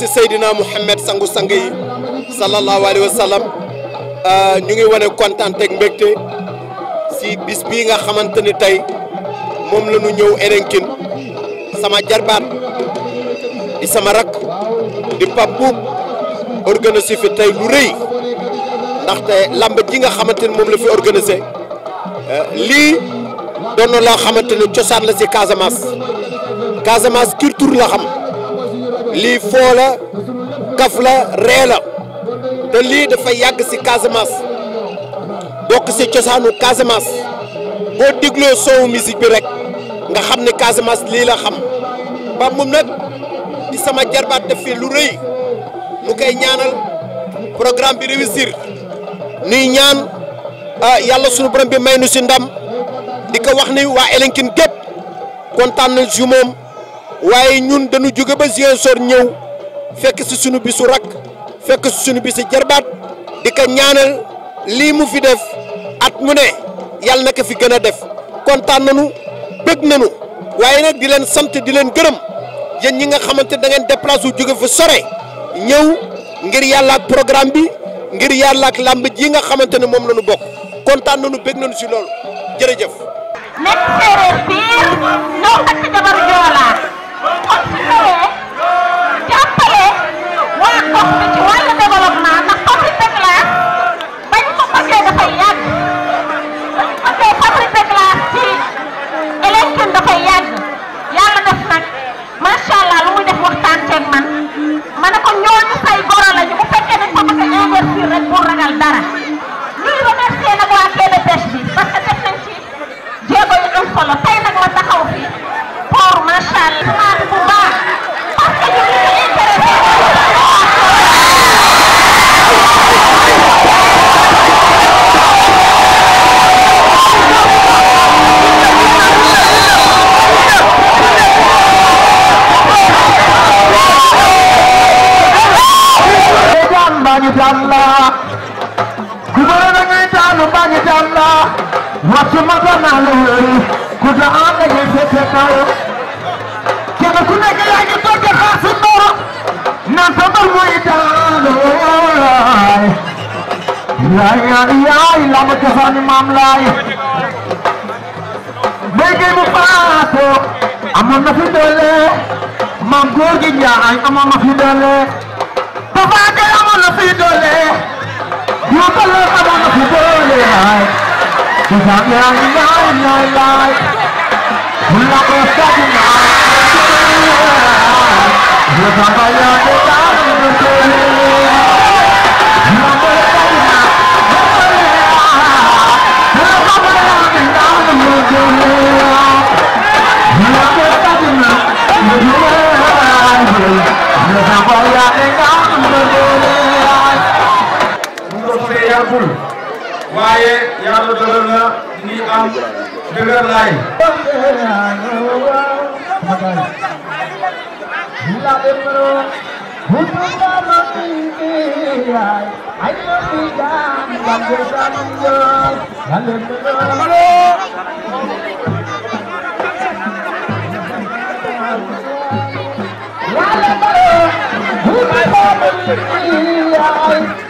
si Seydina Mouhamed sangu sang yi sallallahu alayhi wa euh, ñu ngi wane kontaan teg mbégte si bis bii nga xamante ni tey moom la ñu ñëw Erenkin sama jarbaat di sama rak di Pape Boup organisé fi tey lu rëy ndaxte lamb ji nga xamante ni moom la fi organisé euh, lii doon na loo xamante ni cosaan la si Casamance Casamance culture la xam. lii foo la kaf la ree te lii dafa yàgg si Casamance bokk si cosaanu Casamance boo dégloo soowu musique bi rek nga xam ne Casamance lii la xam ba moom nag di sama jarbaat def fi lu rëy mu koy ñaanal programme bi réussir nuy ñaan yàlla sunu borom bi may nu si ndam di wax ni waa Elinkine gépp kontaan nañ waye ñun dañu jóge ba sor ñew fekk ci suñu bisu rak fekk ci suñu bisu jarbat dika ñaanal li mu fi def at mu ne yalla naka fi gëna def kontaan nañu bëgg nañu waye nak di leen sant di leen gërëm yeen ñi nga xamante da ngeen déplacer wu jóge fu soré ñew ngir yalla ak programme bi ngir yalla ak lamb ji nga xamante ne moom la ñu bokk nañu bëgg nañu ci lool jërëjëf. Let's nekk séeréer biir noo xëcc jabar joolaa conseiller jàppale waa gox bi ci wàllu développement ndax Fabrice de Glace bañ ko bëggee dafay yàgg bañ ko bëggee Fabrice de Glace ci Elinkine dafay yàgg yàlla def nag macha allah lu muy def waxtaan ceeg man ma ne ko ñooñu say goro lañu bu fekkee ne sa bëgg a investir rek pour ragal dara ñuy remercier nag waa KDPH bi parce que def nañ ci jéego yu am solo tey nag ma taxaw fi pour macha allah. ku nekk yaa ngi toog a xaar si Ndoro naan sa mbër muy daanu laay yaay yaay yaay lamb cosaani maam laay léegi mu faatoo amoon na fi doole maam góor gi Njaay amoon na fi doole Tapha Gueye amoon na fi doole Diop Bale amoon na fi doole yaay cosaani yaay yaay yaay laay mu lamb cosaani maam waaye yàlla dogal na ñi am dëgër laay L ан br AD, L uh lapsí Veiaihy I love me down, my 더Th Sale diR ahem ar loves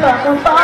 Vamos,